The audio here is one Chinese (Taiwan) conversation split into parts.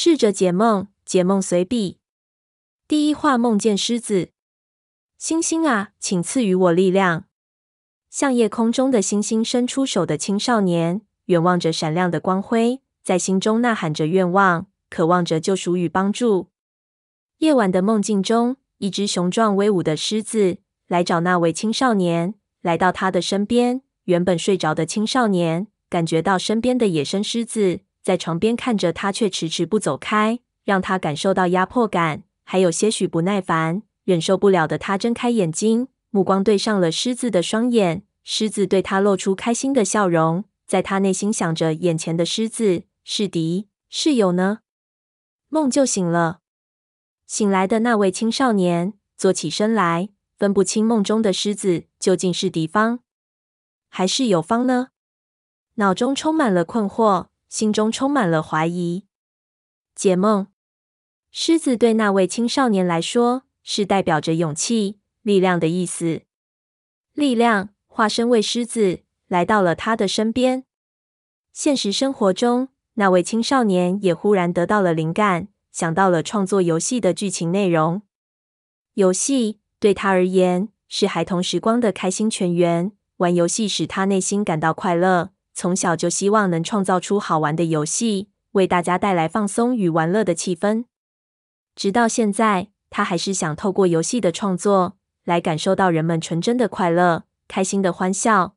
試着解夢，解夢隨筆。第一話，夢見獅子，星星啊，請賜予我力量。向夜空中的星星伸出手的青少年，遠望着閃亮的光輝，在心中吶喊着願望，渴望着救贖與幫助。夜晚的夢境中，一隻雄壯威武的獅子來找那位青少年，來到他的身邊。原本睡着的青少年，感覺到身邊的野生獅子。在床邊看着他，卻遲遲不走開，讓他感受到壓迫感，還有些許不耐煩。忍受不了的他睜開眼睛，目光對上了獅子的雙眼。獅子對他露出開心的笑容。在他內心想着，眼前的獅子是敵是友呢？夢就醒了。醒來的那位青少年坐起身來，分不清夢中的獅子究竟是敵方還是友方呢？腦中充滿了困惑。心中充滿了懷疑。解夢，獅子對那位青少年來說是代表着勇氣、力量的意思。力量化身為獅子來到了他的身邊。現實生活中，那位青少年也忽然得到了靈感，想到了創作遊戲的劇情內容。遊戲對他而言是孩童時光的開心泉源，玩遊戲使他內心感到快樂。從小就希望能創造出好玩的遊戲，為大家帶來放鬆與玩樂的氣氛。直到現在，他還是想透過遊戲的創作來感受到人們純真的快樂、開心的歡笑。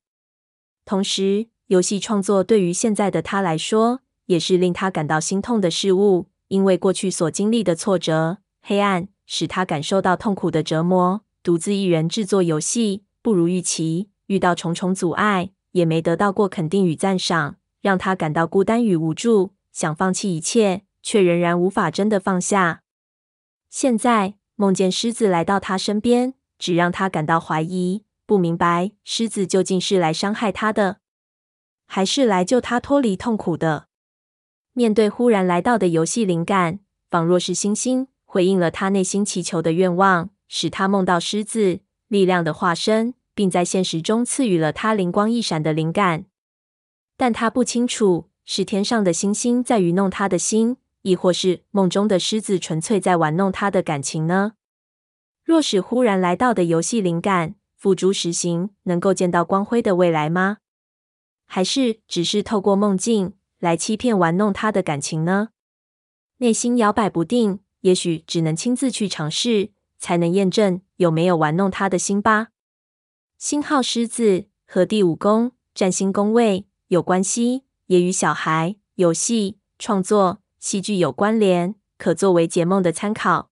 同時，遊戲創作對於現在的他來說，也是令他感到心痛的事物，因為過去所經歷的挫折、黑暗，使他感受到痛苦的折磨。獨自一人制作遊戲，不如預期，遇到重重阻礙。也沒得到過肯定與讚賞，讓他感到孤單與無助，想放棄一切，卻仍然無法真的放下。現在夢見獅子來到他身邊，只讓他感到懷疑，不明白獅子究竟是來傷害他的，還是來救他脫離痛苦的？面對忽然來到的遊戲靈感，仿若是星星回應了他內心祈求的願望，使他夢到獅子，力量的化身。並在現實中賜予了他靈光一閃的靈感，但他不清楚是天上的星星在愚弄他的心，亦或是夢中的獅子純粹在玩弄他的感情呢？若是忽然來到的遊戲靈感付諸實行，能夠見到光輝的未來嗎？還是只是透過夢境來欺騙、玩弄他的感情呢？內心搖擺不定，也許只能親自去嘗試，才能驗證有沒有玩弄他的心吧。星號獅子和第五宮占星宮位有關係，也與小孩、遊戲、創作、戲劇有關聯，可作為解夢的參考。